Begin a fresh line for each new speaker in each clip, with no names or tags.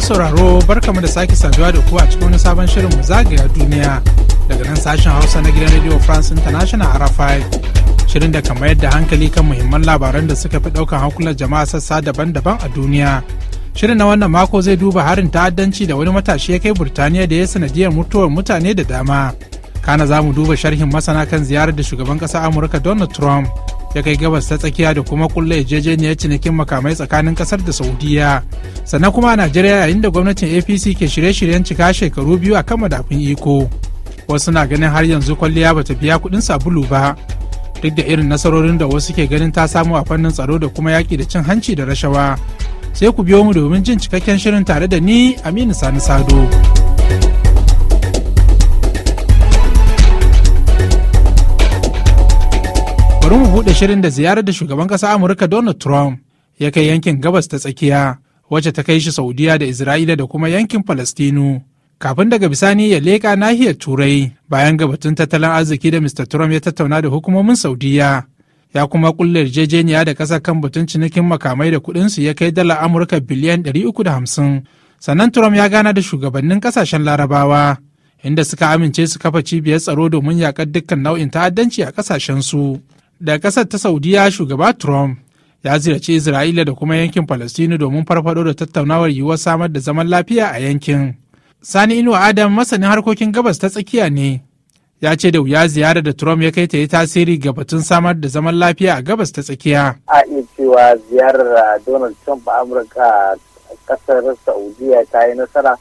sauraro barkamu da sake saduwa da ku a cikin wani sabon shirin mu zagaya duniya daga nan sashen hausa na gidan radio france international rfi shirin da kan mayar da hankali kan muhimman labaran da suka fi daukan hankulan jama'a sassa daban-daban a duniya shirin na wannan mako zai duba harin ta'addanci da wani matashi ya kai burtaniya da ya sanadiyar mutuwar mutane da dama kana za mu duba sharhin masana kan ziyarar da shugaban ƙasar amurka donald trump ya kai gabas ta tsakiya da kuma kulle yarjejeniyar cinikin makamai tsakanin kasar da saudiya sannan kuma a najeriya yayin da gwamnatin apc ke shirye-shiryen cika shekaru biyu a kan madafin iko wasu na ganin har yanzu kwalliya ba ta biya kuɗin sabulu ba duk da irin nasarorin da wasu ke ganin ta samu a fannin tsaro da kuma yaki da cin hanci da rashawa sai ku biyo mu domin jin cikakken shirin tare da ni aminu sani sado. bari mu buɗe shirin da ziyarar da shugaban ƙasa amurka donald trump ya kai yankin gabas ta tsakiya wacce ta kai shi saudiya da isra'ila da kuma yankin falastinu kafin daga bisani ya leka nahiyar turai bayan gabatun tattalin arziki da mr trump ya tattauna da hukumomin saudiya ya kuma kulle yarjejeniya da ƙasar kan batun cinikin makamai da su ya kai dala amurka biliyan ɗari uku da hamsin sannan trump ya gana da shugabannin ƙasashen larabawa inda suka amince su kafa cibiyar tsaro domin yakar dukkan nau'in ta'addanci a ƙasashen su da kasar ta saudiya shugaba trump ya ziyarci isra'ila da kuma yankin falastinu domin farfado da tattaunawar yiwuwar samar da zaman lafiya a yankin sani inuwa adam masanin harkokin gabas ta tsakiya ne ya ce da wuya ziyarar da trump ya kai ta yi tasiri ga batun samar da zaman lafiya a gabas ta tsakiya
a iya cewa ziyarar ah, donald trump a amurka kasar ah, saudiya ta yi nasara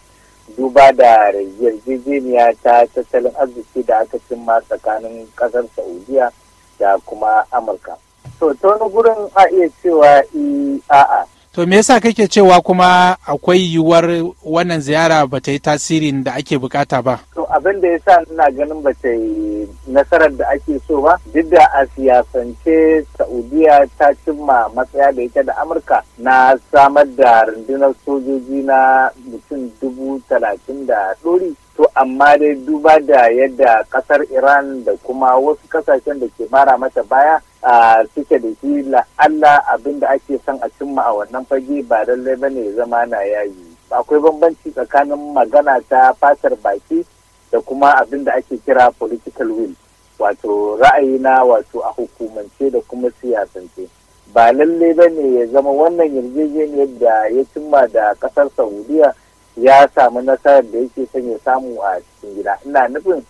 duba da yarjejeniya ta tattalin arziki da aka cimma tsakanin kasar saudiya da kuma amurka to ta wani gurin a iya cewa a'a
to me yasa kake cewa kuma akwai yiwuwar wannan ziyara ba ta yi tasirin da ake bukata ba
to abin da yasa ina ganin ba ta yi nasarar da ake so ba duk da a siyasance saudiya ta cimma matsaya da yake da amurka na samar da rundunar sojoji na mutum dubu talatin da ɗori to amma dai duba da yadda kasar iran da kuma wasu kasashen da ke mara mata baya a suke da shi la'alla abin da ake son a cimma a wannan fage ba lallai ba ne zama na yayi akwai bambanci tsakanin magana ta fatar baki da kuma abin da ake kira political will wato ra'ayi na wato a hukumance da kuma siyasance ba lallai ba ne ya zama wannan yarjejeniyar da ya cimma da kasar saudiya ya samu nasarar da yake son ya samu a cikin gida ina nufin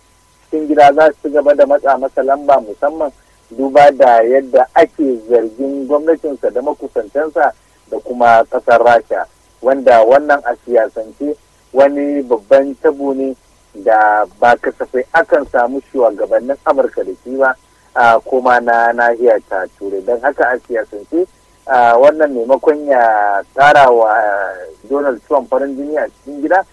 cikin gida za su gaba da matsa masa lamba musamman duba da yadda ake zargin gwamnatinsa da makusantansa da kuma ƙasar rasha wanda wannan a siyasance wani babban tabo ne da ba kasafai akan samu shugabannin amurka da shi ba a koma na nahiyar ta turai don haka a siyasance wannan maimakon ya tara wa donald trump farin jini a cikin gida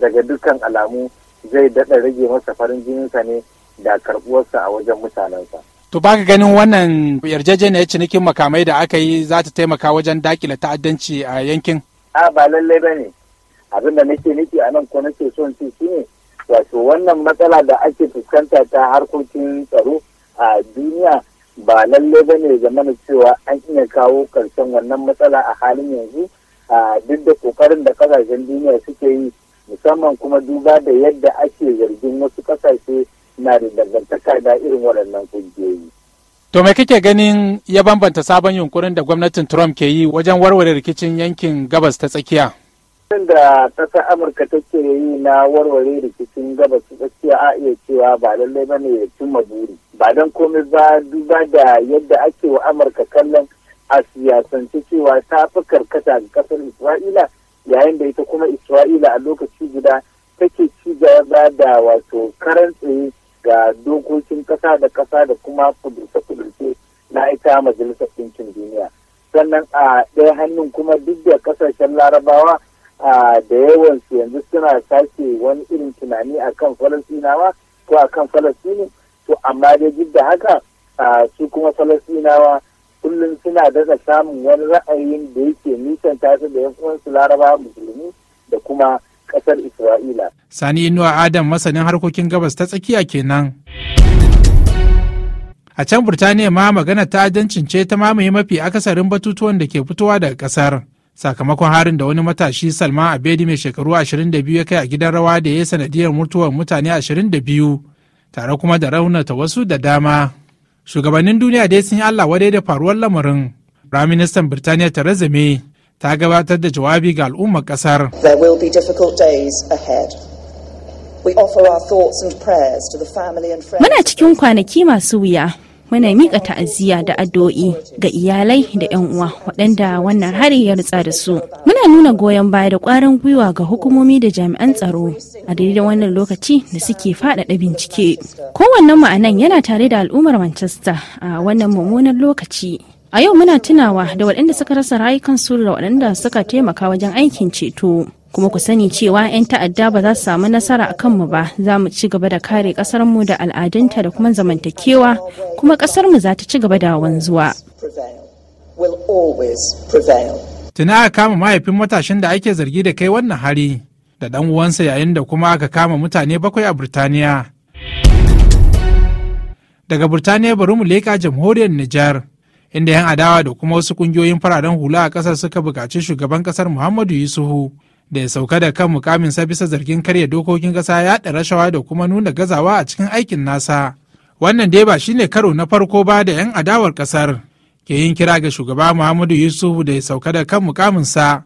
daga dukkan alamu zai daɗa rage masa farin jininsa ne da karbuwarsa a wajen mutanensa.
To baka ganin wannan yarjejeniyar cinikin makamai da aka yi za ta taimaka wajen dakile ta'addanci a yankin?
A ba lallai ba ne. Abin da nake nufi a nan ko nake son ci shi ne wato wannan matsala da ake fuskanta ta harkokin tsaro a duniya ba lalle ba ne zamana cewa an iya kawo ƙarshen wannan matsala a halin yanzu a duk da kokarin da kasashen duniya suke yi musamman kuma duba da yadda ake zargin wasu ƙasashe na da dangantaka da irin waɗannan ƙungiyoyi.
To me kake ganin ya bambanta sabon yunkurin da gwamnatin Trump ke yi wajen warware rikicin yankin gabas ta tsakiya?
Sun da ƙasar Amurka take yi na warware rikicin gabas tsakiya a iya cewa ba lallai ba ne ya cimma buri. Ba don komai ba duba da yadda ake wa Amurka kallon a siyasance cewa ta fi karkata ga ƙasar Isra'ila yayin da ita kuma Isra'ila a lokaci guda take ci gaba da wato karan tsaye ga dokokin ƙasa da ƙasa da kuma kudurce-kudurce na ita majalisar ɗinkin duniya sannan a ɗaya hannun kuma duk da ƙasashen larabawa da yawan su yanzu suna sake wani irin tunani a akan falasinawa ko a kan falasini to amma dai duk da haka su kuma falasinawa kullum suna daga samun wani ra'ayin da yake nisan su da yan laraba musulmi da kuma ƙasar isra'ila
sani nuwa adam masanin harkokin gabas ta tsakiya kenan a can burtaniya ma magana ta ta'addancin ce ta mamaye mafi akasarin batutuwan da ke fitowa daga ƙasar sakamakon harin da wani matashi salma abedi mai shekaru 22 ya kai a gidan rawa da ya sanadiyar mutuwar mutane 22 tare kuma da raunata wasu da dama shugabannin duniya dai sun yi allah wadai da faruwar lamarin firaministan birtaniya theresa may ta gabatar da jawabi ga al'ummar kasar
muna
cikin kwanaki masu wuya muna miƙa ta'aziyya da addu'o'i ga iyalai da 'yan uwa waɗanda wannan hari ya rutsa da su muna nuna goyon baya da ƙwarin gwiwa ga hukumomi da jami'an tsaro a daidai wannan lokaci da suke faɗaɗa bincike kowannen ma'anan yana tare da al'ummar manchester a wannan mummunan lokaci A yau muna tunawa da waɗanda suka rasa rayukansu da waɗanda suka taimaka wajen aikin ceto. kuma ku sani cewa 'yan ta'adda ba za su samu nasara a kanmu ba za mu ci gaba da kare mu da al'adunta da kuma zamantakewa kuma ƙasarmu za ta ci gaba da wanzuwa.
Tuna aka kama mahaifin matashin da ake zargi da kai wannan hari da dan uwansa yayin da kuma aka kama mutane bakwai a Burtaniya. Daga Burtaniya bari mu leƙa jamhuriyar Nijar. inda 'yan adawa da kuma wasu kungiyoyin fararen hula a kasar suka buƙaci shugaban ƙasar muhammadu yusufu da ya sauka da kan mukamin mukaminsa bisa zargin karya dokokin ƙasa yaɗa rashawa da kuma nuna gazawa a cikin aikin nasa wannan dai ba shine karo na farko ba da 'yan adawar ƙasar ke yin kira ga shugaba muhammadu yusufu da ya sauka da kan mukaminsa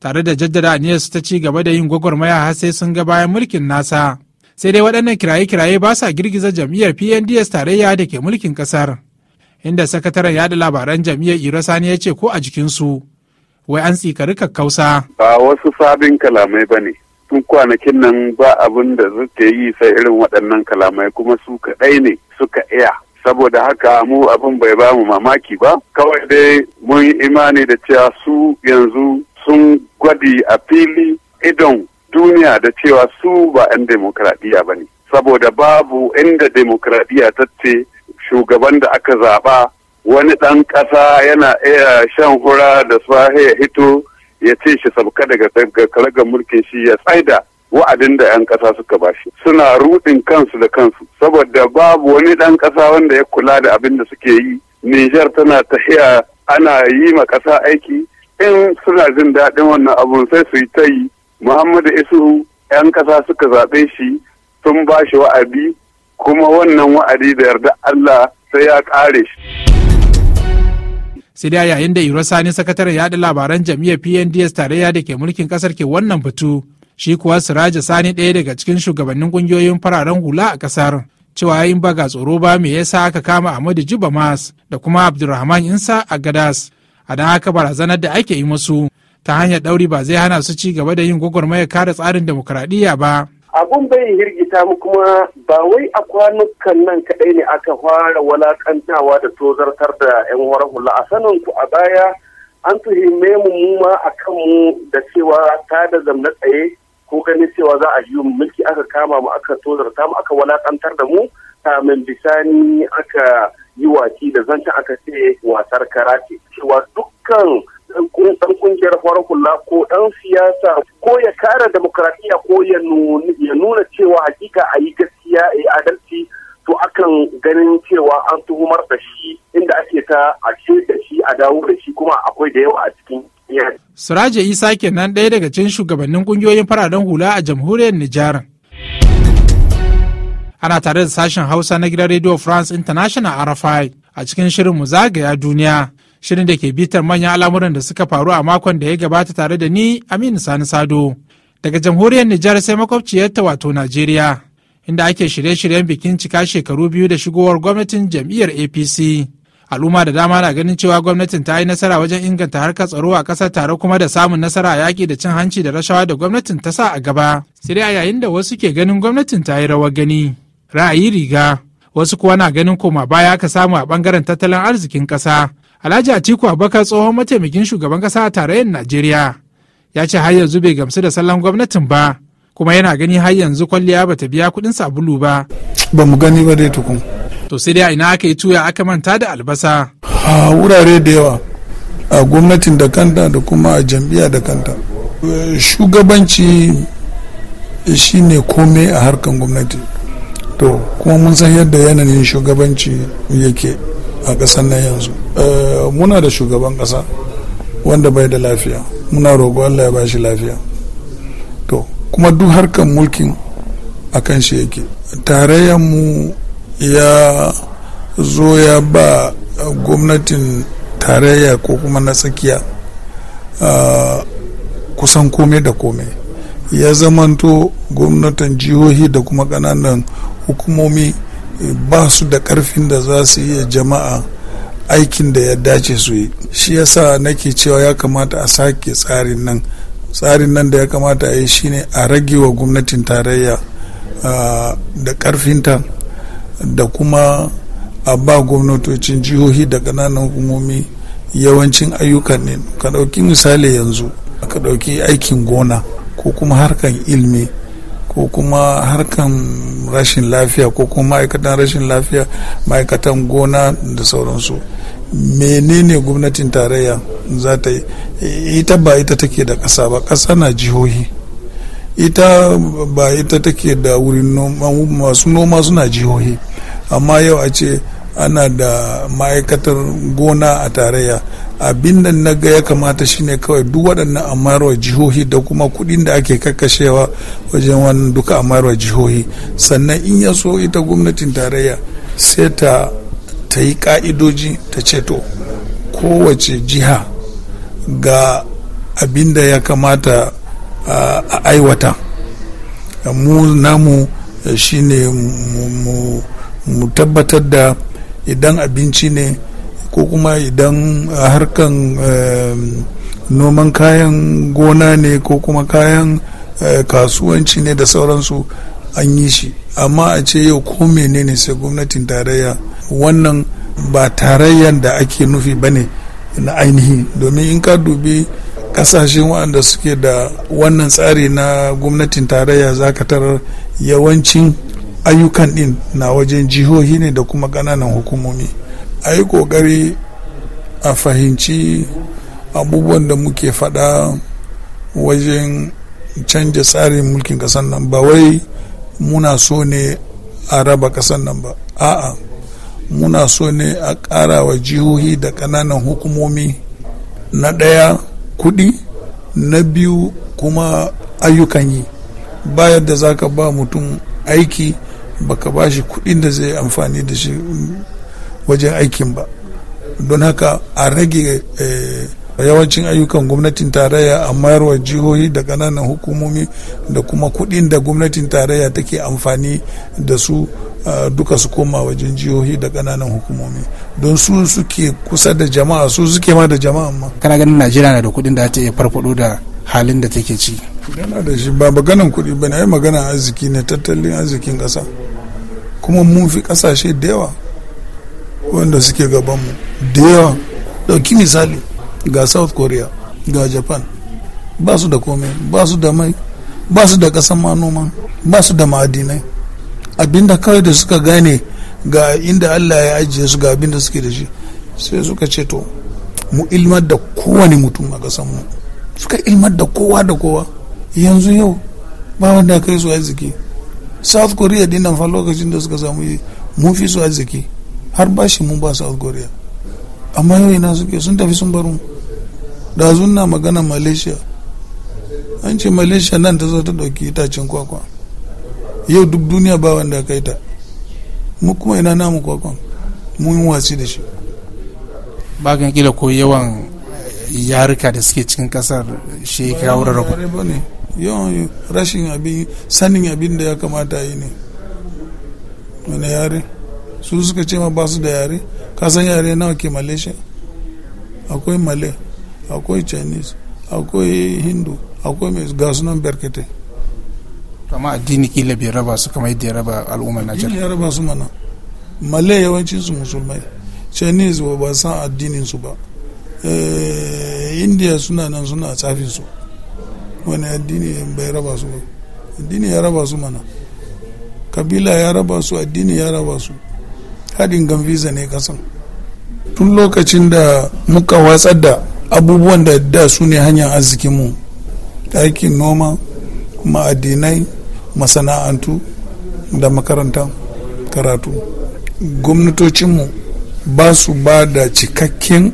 tare da jaddada su ta ci gaba da yin gwagwarmaya har sai sun ga bayan mulkin nasa sai dai waɗannan kiraye-kiraye ba sa girgiza jam'iyyar pnds tarayya da ke mulkin ƙasar inda sakataren yada labaran jam'iyyar irasani ya ce ko a jikinsu wai an sikari kakkausa. Ba wasu sabin
kalamai ba ne. Tun kwanakin nan ba abin da suke yi sai irin waɗannan kalamai kuma su kaɗai ne suka iya. Saboda haka mu abin bai ba mu mamaki ba, kawai dai mun yi imani da cewa su yanzu sun gwadi a fili idon duniya da cewa su ba 'yan demokradiyya ba ne. Saboda babu inda demokradiyya ta ce shugaban da aka zaɓa wani ɗan ƙasa yana iya shan hura da sahi ya hito ya ce shi sabka daga karagar mulkin shi ya tsaida wa'adin da 'yan ƙasa suka bashi suna rudin kansu da kansu saboda babu wani ɗan ƙasa wanda ya kula da abin da suke yi Nijar tana tahiya ana yi ma ƙasa aiki in suna jin daɗin wannan abun sai su yi ta yi Muhammadu Isuhu 'yan ƙasa suka zaɓe shi sun ba shi wa'adi kuma wannan wa'adi da yarda Allah sai ya ƙare shi.
sai dai yayin da iro sani sakataren yaɗa labaran jam'iyyar pnds tarayya da ke mulkin kasar ke wannan batu shi kuwa siraja sani ɗaya daga cikin shugabannin ƙungiyoyin fararen hula a ƙasar cewa in ba ga tsoro ba me yasa aka kama Ahmadu Juba Mas da kuma Abdulrahman Insa a Gadas. A don haka barazanar da ake yi musu ta hanyar ɗauri ba zai hana su ci gaba da yin gwagwarmayar kare tsarin demokuraɗiyya ba.
abun bai hirgita mu kuma ba wai a kwanukan nan kaɗai ne aka fara walakantawa da tozartar da 'yan warar hula a sanin ku a baya an tuhime mu mu ma a kanmu da cewa ta da zamna tsaye ko ganin cewa za a yi mulki aka kama mu aka tozarta mu aka walakantar da mu kamin bisani aka yi waki da zancen aka ce wasar karate cewa dukkan dan kungiyar farar kula ko dan siyasa ko ya kare demokradiyya ko ya nuna cewa hakika a yi gaskiya a yi adalci to akan ganin cewa an tuhumar da shi inda ake ta a da shi a dawo da shi kuma akwai da yawa a cikin
Suraje Isa kenan ɗaya daga cikin shugabannin kungiyoyin fararen hula a jamhuriyar Nijar. Ana tare da sashen Hausa na gidan Radio France International RFI a cikin shirin mu zagaya duniya. shirin da ke bitar manyan al'amuran da suka faru a makon da ya gabata tare da ni aminu sani sado daga jamhuriyar nijar sai makwabciyarta wato najeriya inda ake shirye-shiryen bikin cika shekaru biyu da shigowar gwamnatin jam'iyyar apc al'umma da dama na ganin cewa gwamnatin ta yi nasara wajen inganta harkar tsaro a ƙasar tare kuma da samun nasara a yaƙi da cin hanci da rashawa da gwamnatin ta sa a gaba sai dai a yayin da wasu ke ganin gwamnatin ta yi rawar gani ra'ayi riga wasu kuwa na ganin koma baya ka samu a ɓangaren tattalin arzikin ƙasa alhaji atiku abubakar tsohon mataimakin shugaban kasa a tarayyar najeriya ya ce har yanzu bai gamsu da sallan gwamnatin ba kuma yana gani har yanzu kwalliya ba ta biya kuɗin sabulu ba ba
mu gani ba dai tukun
to sai dai a ina aka yi tuya aka manta da albasa a wurare da yawa
a gwamnatin da kanta da kuma a jam'iyya da kanta shugabanci shi ne komai a harkar gwamnati to kuma mun san yadda yanayin shugabanci yake a ƙasar nan yanzu eh, muna da shugaban ƙasa wanda bai da lafiya muna rogo allah ya bashi lafiya to kuma duk harkan mulkin a kan shi yake mu ya zo ya ba gwamnatin tarayya ko kuma na tsakiya ah, kusan kome da kome ya zamanto gwamnatin jihohi da kuma ƙananan hukumomi ba su da karfin da za su iya jama'a aikin da ya dace su yi shi yasa nake cewa ya kamata a sake tsarin nan tsarin nan da ya kamata a yi shine a rage wa gwamnatin tarayya da karfinta da kuma a ba gwamnatocin jihohi da ƙananan hukumomi yawancin ayyukan ne ka ɗauki misali yanzu ka ɗauki aikin gona ko kuma harkan ilmi ko kuma harkan rashin lafiya ko kuma ma'aikatan rashin lafiya ma'aikatan gona da sauransu menene gwamnatin tarayya za ta yi ita ba ita take da ƙasa ba ƙasa na jihohi ita ba ita take da wurin masu noma suna jihohi amma yau a ce ana da ma'aikatar gona a tarayya abin da na ga ya kamata shine kawai duk waɗannan amarwa jihohi da kuma kuɗin da ake kakkashewa wajen wannan duka amarwa jihohi sannan in ya so ita gwamnatin tarayya sai ta ta yi ƙa'idoji ta ceto kowace jiha ga abin da ya kamata a aiwata mu namu shine mu tabbatar da idan abinci ne ko kuma idan eh, harkan eh, noman kayan gona ne ko kuma kayan eh, kasuwanci ne da sauransu an yi shi amma a ce yau ko menene sai gwamnatin tarayya wannan ba tarayyan da ake nufi ba ne na ainihi domin in ka dubi kasashen waɗanda suke da wannan tsari na gwamnatin tarayya za ka tarar yawancin ayyukan din na wajen jihohi ne da kuma ƙananan hukumomi a yi ƙoƙari a fahimci abubuwan da muke faɗa wajen canja tsarin mulkin ƙasar nan ba wai muna so ne a raba ƙasar nan ba a'a muna so ne a ƙara wa jihohi da ƙananan hukumomi na ɗaya kuɗi na biyu kuma ayyukan yi bayan da za ka ba mutum aiki baka ba shi kuɗin da zai amfani da shi wajen aikin ba don haka a rage eh, yawancin ayyukan gwamnatin tarayya a mayarwa jihohi da ƙananan hukumomi da kuma kuɗin da gwamnatin tarayya take amfani da su duka su koma wajen jihohi da ƙananan hukumomi don su suke kusa da jama'a su suke ma da jama'a ma kana ganin najeriya na da kuɗin da ta iya farfado da halin da take ci yana da shi ba maganan kuɗi ba na yi magana arziki ne tattalin arzikin ƙasa kuma mun fi kasashe da yawa wanda suke gabanmu da yawa ɗauki misali ga south korea ga japan ba su da komai ba su da mai ba su da kasan manoma ba su da ma'adinai abinda kawai da suka gane ga inda allah ya ajiye su ga abinda suke da shi sai suka ce to mu ilmar da kowane mutum a kasan mu suka ilmar da kowa da kowa yanzu yau ba wanda kai su arziki south korea din nan fa lokacin da suka samu mun fi su arziki har ba shi mun ba south korea amma yau ina suke sun tafi sun bar mu da na magana malaysia an ce malaysia nan ta zo ta dauki itacen kwakwa yau duk duniya ba wanda kai ta mu
kuma ina namu kwakwa mun yi watsi da shi bagan kila ko yawan yarika da suke cikin kasar shi ya kawo rarrabu
yawan rashin abin sanin abin da ya kamata yi ne wani yare su suka ce ma basu da yare kasan yare nawa ke malaysia akwai malay akwai chinese akwai hindu akwai mai
gasu nan berkete kama addini kila bai raba su kama yadda ya raba al'ummar najeriya ya raba su
mana malay yawancin su musulmai chinese ba ba san addinin su ba eh, india suna nan suna tsafin su wani addini bai raba su ba addini ya raba su mana kabila ya raba su addini ya raba su haɗin gambiza ne kasan tun lokacin da muka watsar da abubuwan da da su ne hanyar arzikinmu aikin noma ma'adinai masana'antu da makaranta karatu gwamnatocinmu ba su ba da cikakken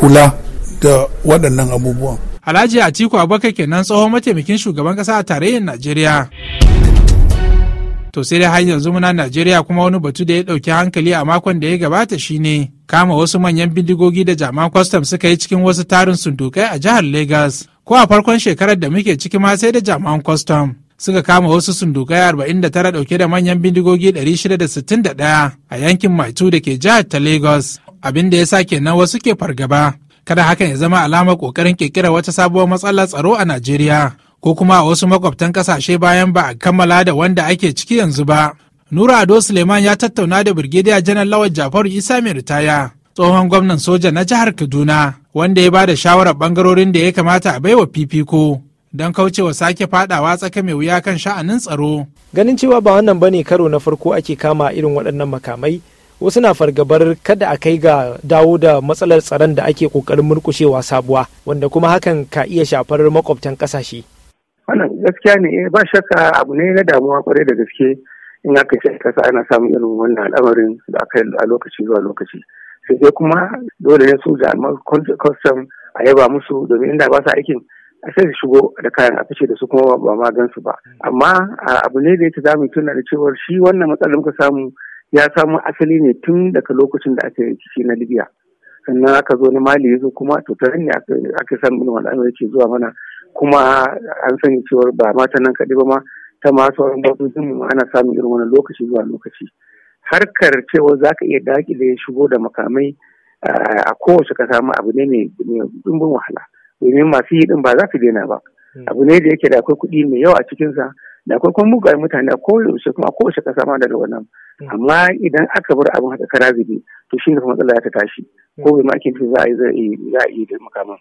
kula da waɗannan abubuwan
Alhaji Atiku Abubakar kenan tsohon mataimakin shugaban kasa a tarayyar Najeriya. To sai dai har yanzu muna Najeriya kuma wani batu da ya ɗauki hankali a makon da ya gabata shine kama wasu manyan bindigogi da jaman kwastam suka yi cikin wasu tarin sundukai a jihar Legas. Ko a farkon shekarar da muke ciki ma sai da jaman kwastam. suka kama wasu sundukai arba'in da 49 dauke da manyan bindigogi 661 a yankin Maitu da ke jihar ta Lagos. Abin da ya sa kenan wasu ke fargaba kada hakan ya zama alamar kokarin kirkirar wata sabuwar matsalar tsaro a najeriya ko kuma a wasu makwabtan kasashe bayan ba a kammala da wanda ake ciki yanzu ba nura ado suleiman ya tattauna da birgidiya janar lawal jafaru isa mai ritaya tsohon gwamnan soja na jihar kaduna wanda ya ba da shawarar bangarorin da ya kamata a baiwa fifiko don kaucewa sake
fadawa tsaka mai wuya kan sha'anin tsaro. Ganin cewa ba wannan bane karo na farko ake kama irin waɗannan makamai wasu na fargabar kada a kai ga dawo da matsalar tsaron da ake kokarin murkushewa sabuwa wanda kuma hakan ka iya shafar makwabtan kasashe
wannan gaskiya ne eh, ba shakka abu ne na damuwa kwarai da gaske in aka ce kasa ana samun irin wannan al'amarin da aka yi a lokaci zuwa lokaci sai dai kuma dole ne su jami'an custom a yaba musu domin inda ba su aikin sai su shigo da kayan a fice da su kuma ba ma gan ba amma abu ne da ta zamu tuna da cewar shi wannan matsalar muka samu ya samu asali ne tun daga lokacin da aka yi rikici na libya sannan aka zo na mali yazo kuma to ta ne aka san irin al'amari yake zuwa mana kuma an sani cewar ba mata nan kaɗi ba ma ta ma sauran babbin mu ana samun irin wani lokaci zuwa lokaci harkar cewa za ka iya dakile shigo da makamai a kowace ka samu abu ne mai dumbin wahala domin masu yi ɗin ba za su daina ba hmm. abu ne da yake da akwai kuɗi mai yawa a cikinsa da akwai kuma mugayen mutane a kowace kuma ko kowace kasa ma daga wannan hmm. amma idan aka bar abin haka kara zubi to shi ne matsala ya ta tashi hmm. ko bai ma za a yi za a yi da makaman.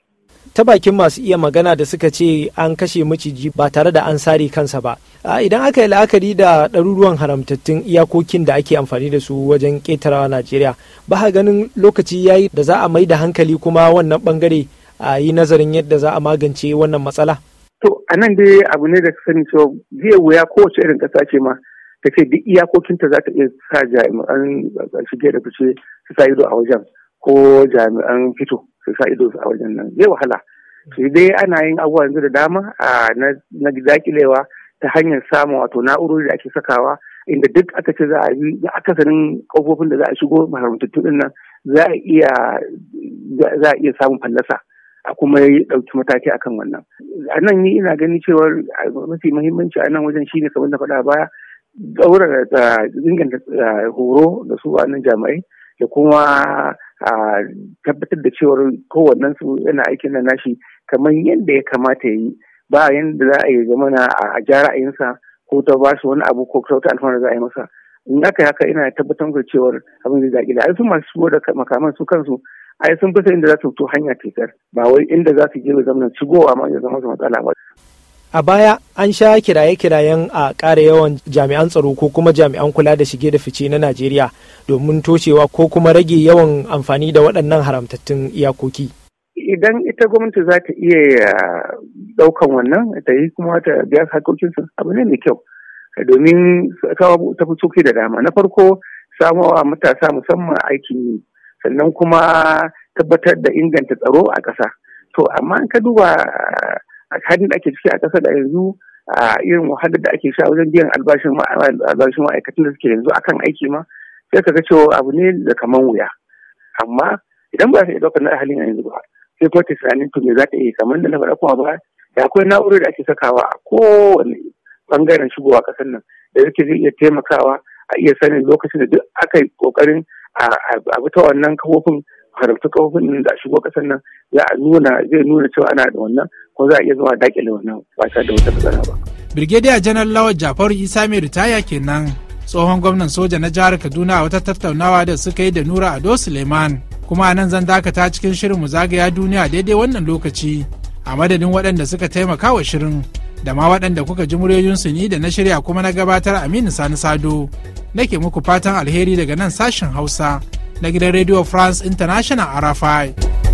ta bakin masu iya magana da suka ce an kashe maciji ba tare da an sare kansa ba idan aka yi la'akari da ɗaruruwan haramtattun iyakokin da ake amfani da su wajen ƙetarawa najeriya ba ganin lokaci yayi da za a mai da hankali kuma wannan bangare a yi nazarin yadda za a magance wannan matsala To a nan dai abu ne da sani cewa zai wuya kowace irin ƙasa ce ma ta ce duk iyakokinta za ta iya
sa jami'an shige da fice su sa ido a wajen ko jami'an fito su sa ido a wajen nan zai wahala. Sai dai ana yin abubuwa yanzu da dama a na dakilewa ta hanyar samun wato na'urori da ake sakawa inda duk aka ce za a yi akasarin kofofin da za a shigo maharamtattun nan za a iya samun fallasa. a kuma ya ɗauki mataki akan wannan a nan ni ina gani cewa mafi muhimmanci a nan wajen shine kamar na faɗa baya ɗaura da inganta horo da su a nan jami'ai da kuma a tabbatar da cewar kowannen su yana aikin na nashi kamar yadda ya kamata ya yi ba yadda za a yi zamana a ja ra'ayinsa ko ta ba su wani abu ko ta wata alfahari za a yi masa in aka yaka ina tabbatar da cewar abin da zaƙi da alfin masu da makaman su kansu ai sun fi inda za su fito hanya tekar ba wai inda za su je ba zamanin shigowa ma ya zama su matsala ba.
A baya an sha kiraye-kirayen a ƙara yawan jami'an tsaro ko kuma jami'an kula da shige da fice na Najeriya domin toshewa ko kuma rage yawan amfani da waɗannan haramtattun iyakoki.
Idan ita gwamnati za ta iya ah, ɗaukan wannan ta yi kuma ta biya hakokinsu abu ne mai kyau domin kawo ta fi da dama na farko samuwa matasa musamman aikin yi sannan kuma tabbatar da inganta tsaro a ƙasa to amma an ka duba a halin da ake ciki a ƙasa da yanzu a irin wahalar da ake sha wajen biyan albashin ma'aikatan da suke yanzu akan aiki ma sai ka ga cewa abu ne da kaman wuya amma idan ba sai iya ɗaukar na halin yanzu ba sai kuma ta tunanin to me za ta iya kamar da na faɗa kuma ba da akwai na'urar da ake sakawa a kowane ɓangaren shigowa ƙasar nan da yake zai iya taimakawa a iya sanin lokacin da duk aka yi ƙoƙarin a bi ta wannan kafofin haramta kafofin da shigo kasar nan za a nuna zai nuna cewa ana da wannan ko za a iya zama dakile wannan ba tare da wata matsala
ba. Brigadier General Lawal Jafaru Isa mai ritaya kenan tsohon gwamnan soja na jihar Kaduna a wata tattaunawa da suka yi da Nura Ado Suleiman kuma a nan zan dakata cikin shirin mu zagaya duniya daidai wannan lokaci a madadin waɗanda suka taimaka wa shirin da ma waɗanda kuka ji muryoyinsu ni da na shirya kuma na gabatar Aminu Sani Sado. Nake muku fatan alheri daga nan sashen Hausa na gidan Radio France International RFI.